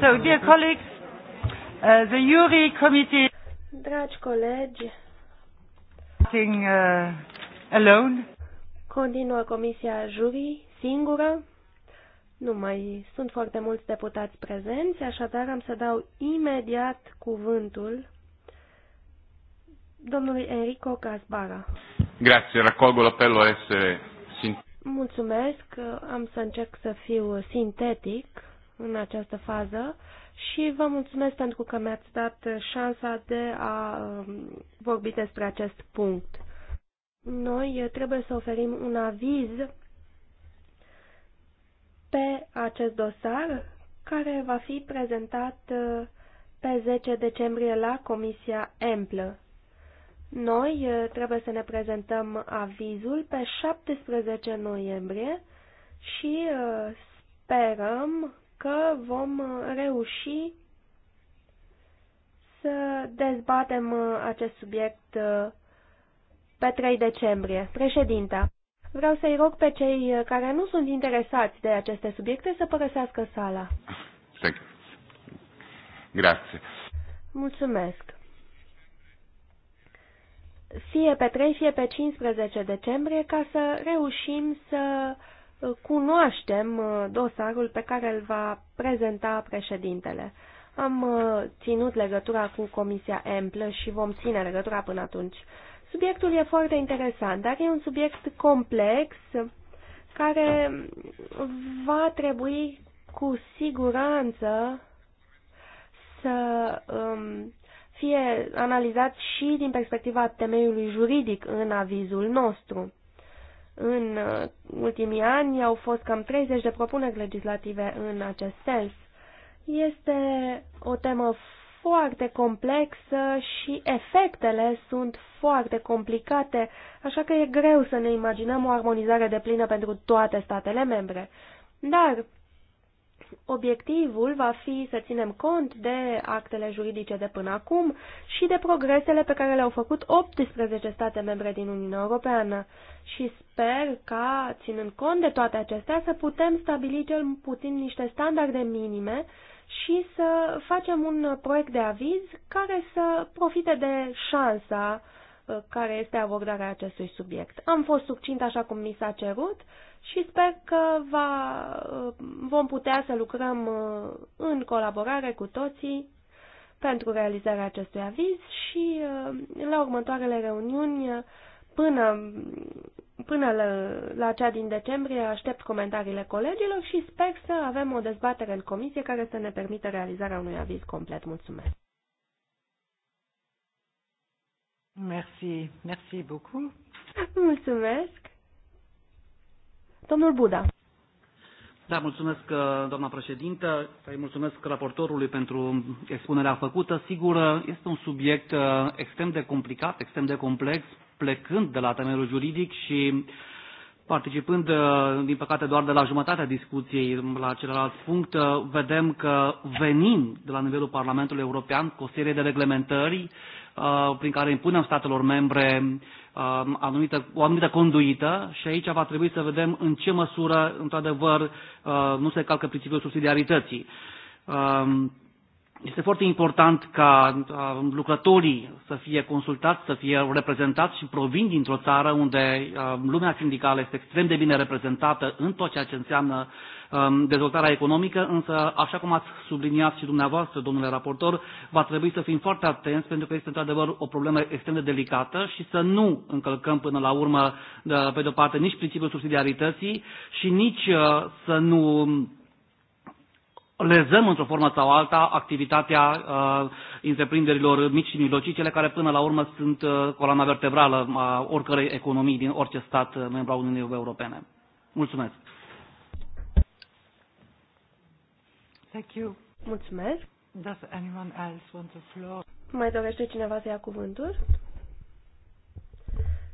So, dear colleagues, uh, the URI Committee. Dragi colegi, Acting, uh, alone. Continuă comisia jurii singură. Nu mai sunt foarte mulți deputați prezenți, așadar am să dau imediat cuvântul domnului Enrico Casbara. Grazie, raccolgo l'appello a essere Mulțumesc, am să încerc să fiu sintetic în această fază și vă mulțumesc pentru că mi-ați dat șansa de a um, vorbi despre acest punct. Noi eh, trebuie să oferim un aviz pe acest dosar care va fi prezentat eh, pe 10 decembrie la Comisia Emplă. Noi eh, trebuie să ne prezentăm avizul pe 17 noiembrie și sperăm că vom uh, reuși să dezbatem uh, acest subiect uh, pe 3 decembrie. Președinte, vreau să-i rog pe cei care nu sunt interesați de aceste subiecte să părăsească sala. Grazie. Mulțumesc. Fie pe 3, fie pe 15 decembrie, ca să reușim să cunoaștem uh, dosarul pe care îl va prezenta președintele. Am uh, ținut legătura cu Comisia Emplă și vom ține legătura până atunci. Subiectul e foarte interesant, dar e un subiect complex care va trebui cu siguranță să um, fie analizat și din perspectiva temeiului juridic în avizul nostru. În uh, ultimii ani au fost cam 30 de propuneri legislative în acest sens. Este o temă foarte complexă și efectele sunt foarte complicate, așa că e greu să ne imaginăm o armonizare de plină pentru toate statele membre. Dar Obiectivul va fi să ținem cont de actele juridice de până acum și de progresele pe care le-au făcut 18 state membre din Uniunea Europeană și sper ca, ținând cont de toate acestea, să putem stabili cel puțin niște standarde minime și să facem un proiect de aviz care să profite de șansa uh, Uh, care este abordarea acestui subiect. Am fost succint așa cum mi s-a cerut și sper că va, uh, vom putea să lucrăm uh, în colaborare cu toții pentru realizarea acestui aviz și la următoarele reuniuni până, până la, la cea din decembrie aștept comentariile colegilor și sper să avem o dezbatere în comisie care să ne permită realizarea unui aviz complet. Mulțumesc! Merci, merci beaucoup. Mulțumesc. Domnul Buda. Da, mulțumesc, uh, doamna președintă. Îi mulțumesc raportorului pentru expunerea făcută. Sigur, uh, este un subiect uh, extrem de complicat, extrem de complex, plecând de la temeiul juridic și participând, din păcate, doar de la jumătatea discuției la celălalt punct, vedem că venim de la nivelul Parlamentului European cu o serie de reglementări Uh, prin care impunem statelor membre uh, anumită, o anumită conduită și aici va trebui să vedem în ce măsură, într-adevăr, uh, nu se calcă principiul subsidiarității. Este foarte important ca uh, lucrătorii să fie consultați, să fie reprezentați și provin dintr-o țară unde uh, lumea sindicală este extrem de bine reprezentată în tot ceea ce înseamnă um, dezvoltarea economică, însă, așa cum ați subliniat și dumneavoastră, domnule raportor, va trebui să fim foarte atenți pentru că este într-adevăr o problemă extrem de delicată și să nu încălcăm până la urmă, uh, pe de-o parte, nici principiul subsidiarității și nici să nu lezăm într-o formă sau alta activitatea uh, întreprinderilor mici și mijlocii, cele care până la urmă sunt uh, coloana vertebrală a oricărei economii din orice stat uh, membru al Uniunii Europene. Mulțumesc! Thank you. Mulțumesc! Does anyone else want the floor? Mai dorește cineva să ia cuvântul?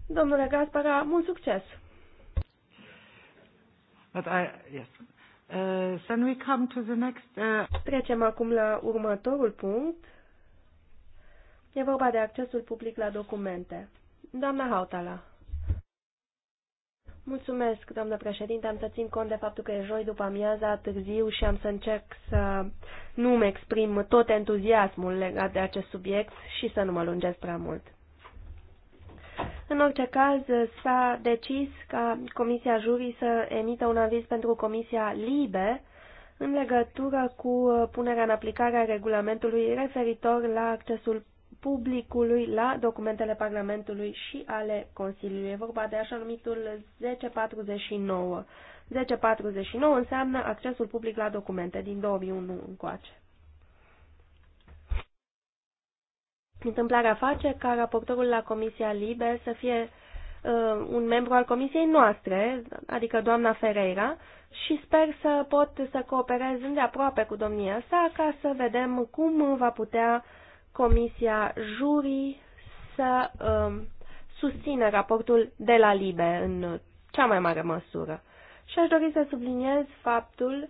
Domnule Gaspara, mult succes! But I, yes, Uh, we come to the next, uh... Trecem acum la următorul punct. E vorba de accesul public la documente. Doamna Hautala. Mulțumesc, doamnă președinte. Am să țin cont de faptul că e joi după amiaza târziu și am să încerc să nu-mi exprim tot entuziasmul legat de acest subiect și să nu mă lungesc prea mult. În orice caz, s-a decis ca Comisia Jurii să emită un aviz pentru Comisia Libe în legătură cu punerea în aplicare a regulamentului referitor la accesul publicului la documentele Parlamentului și ale Consiliului. E vorba de așa numitul 1049. 1049 înseamnă accesul public la documente din 2001 încoace. Întâmplarea face ca raportorul la Comisia Libe să fie uh, un membru al comisiei noastre, adică doamna Ferreira, și sper să pot să cooperez îndeaproape cu domnia sa ca să vedem cum va putea comisia jurii să uh, susțină raportul de la Libe în cea mai mare măsură. Și aș dori să subliniez faptul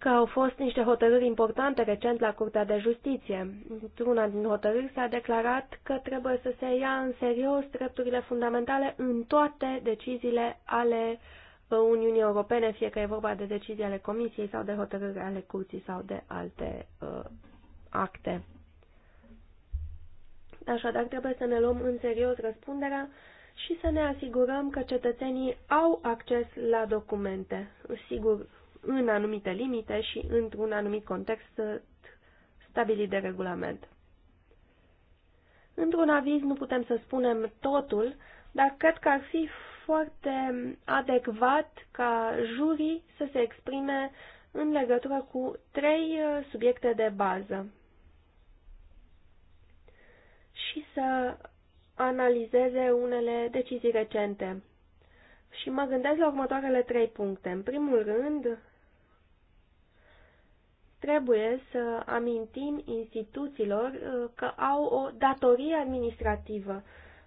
că au fost niște hotărâri importante recent la Curtea de Justiție. Într-una din hotărâri s-a declarat că trebuie să se ia în serios drepturile fundamentale în toate deciziile ale uh, Uniunii Europene, fie că e vorba de decizii ale Comisiei sau de hotărâri ale Curții sau de alte uh, acte. Așadar, trebuie să ne luăm în serios răspunderea și să ne asigurăm că cetățenii au acces la documente. Sigur, în anumite limite și într-un anumit context stabilit de regulament. Într-un aviz nu putem să spunem totul, dar cred că ar fi foarte adecvat ca jurii să se exprime în legătură cu trei uh, subiecte de bază și să analizeze unele decizii recente. Și mă gândesc la următoarele trei puncte. În primul rând, trebuie să amintim instituțiilor uh, că au o datorie administrativă,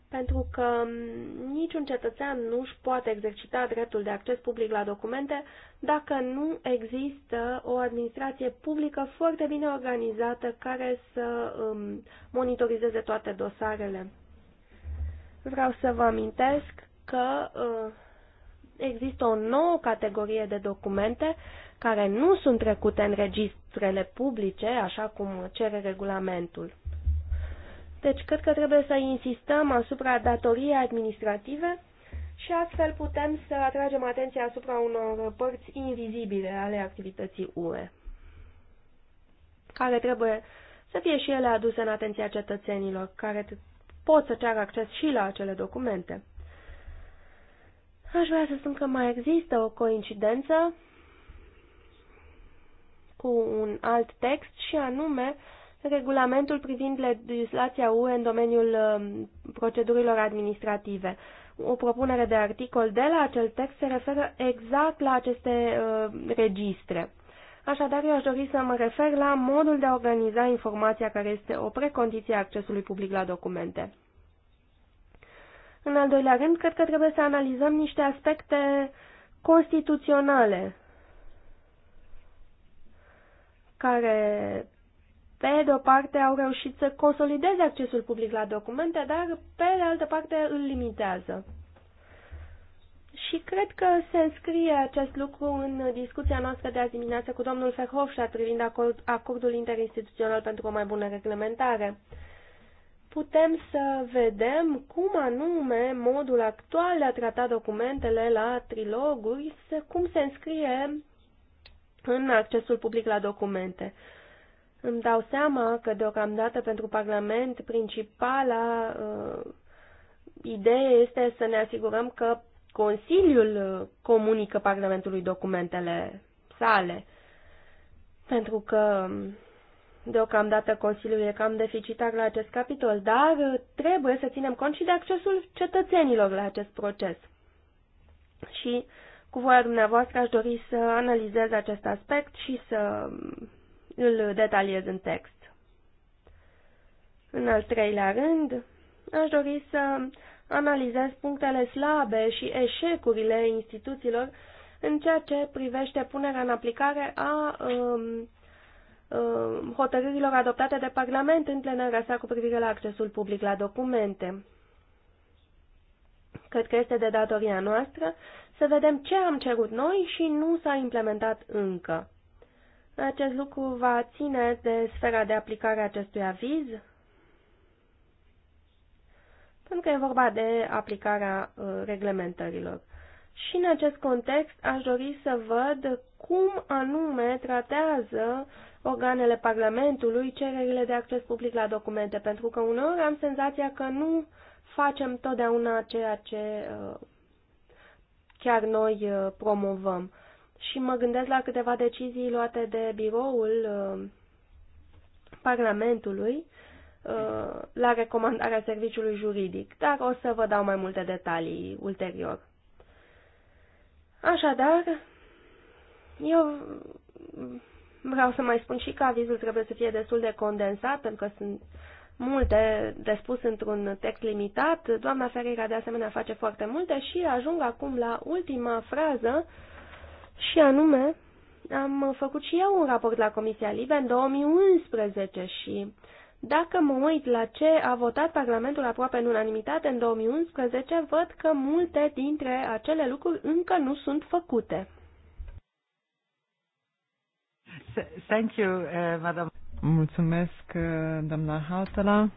pentru că mm, niciun cetățean nu își poate exercita dreptul de acces public la documente dacă nu există o administrație publică foarte bine organizată care să mm, monitorizeze toate dosarele. Vreau să vă amintesc că uh, există o nouă categorie de documente care nu sunt trecute în registrele publice, așa cum cere regulamentul. Deci, cred că trebuie să insistăm asupra datoriei administrative și astfel putem să atragem atenția asupra unor părți invizibile ale activității UE, care trebuie să fie și ele aduse în atenția cetățenilor, care pot să ceară acces și la acele documente. Aș vrea să spun că mai există o coincidență cu un alt text și anume regulamentul privind legislația UE în domeniul um, procedurilor administrative. O propunere de articol de la acel text se referă exact la aceste uh, registre. Așadar, eu aș dori să mă refer la modul de a organiza informația care este o precondiție a accesului public la documente. În al doilea rând, cred că trebuie să analizăm niște aspecte constituționale care, pe de-o parte, au reușit să consolideze accesul public la documente, dar, pe de altă parte, îl limitează. Și cred că se înscrie acest lucru în discuția noastră de azi dimineață cu domnul Ferhofșa privind acord, acordul interinstituțional pentru o mai bună reglementare. Putem să vedem cum anume modul actual de a trata documentele la triloguri, cum se înscrie în accesul public la documente. Îmi dau seama că deocamdată pentru Parlament principala uh, idee este să ne asigurăm că Consiliul uh, comunică Parlamentului documentele sale, pentru că um, deocamdată Consiliul e cam deficitar la acest capitol, dar uh, trebuie să ținem cont și de accesul cetățenilor la acest proces. Și uh, cu voia dumneavoastră aș dori să analizez acest aspect și să îl detaliez în text. În al treilea rând, aș dori să analizez punctele slabe și eșecurile instituțiilor în ceea ce privește punerea în aplicare a um, um hotărârilor adoptate de Parlament în plenarea sa cu privire la accesul public la documente. Cred că este de datoria noastră să vedem ce am cerut noi și nu s-a implementat încă. Acest lucru va ține de sfera de aplicare a acestui aviz, pentru că e vorba de aplicarea uh, reglementărilor. Și în acest context aș dori să văd cum anume tratează organele Parlamentului cererile de acces public la documente, pentru că uneori am senzația că nu facem totdeauna ceea ce uh, chiar noi uh, promovăm. Și mă gândesc la câteva decizii luate de biroul uh, Parlamentului la recomandarea serviciului juridic, dar o să vă dau mai multe detalii ulterior. Așadar, eu Vreau să mai spun și că avizul trebuie să fie destul de condensat, pentru că sunt multe de spus într-un text limitat. Doamna Ferreira de asemenea face foarte multe și ajung acum la ultima frază și anume am făcut și eu un raport la Comisia Libe în 2011 și dacă mă uit la ce a votat Parlamentul aproape în unanimitate în 2011, văd că multe dintre acele lucruri încă nu sunt făcute. Thank you, uh, madam. Mulțumesc, uh, doamna Hautala.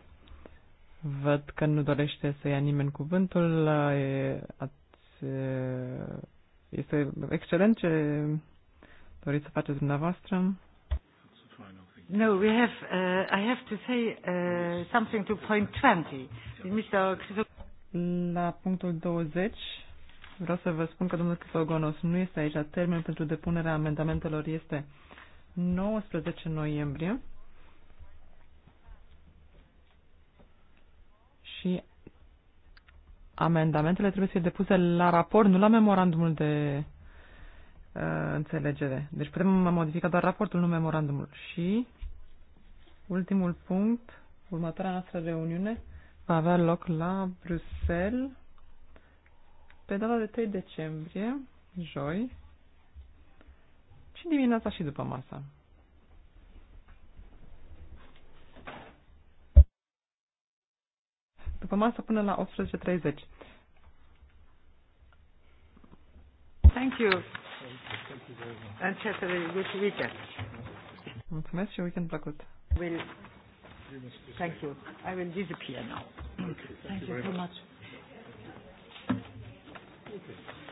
Văd că nu dorește să ia nimeni cuvântul. Uh, uh, este excelent ce doriți să faceți dumneavoastră. No, we have, uh, I have to say uh, something to point 20. Mr. La punctul 20 vreau să vă spun că domnul Cristogonos nu este aici. Termenul pentru depunerea amendamentelor este 19 noiembrie și amendamentele trebuie să fie depuse la raport, nu la memorandumul de uh, înțelegere. Deci putem modifica doar raportul, nu memorandumul. Și ultimul punct, următoarea noastră reuniune va avea loc la Bruxelles pe data de 3 decembrie, joi, și dimineața și după masă. După masă până la 18.30. Thank you. And have a good weekend. Mulțumesc și weekend plăcut. Will... Thank you. I will disappear now. Okay, thank, thank you, you so much. Okay.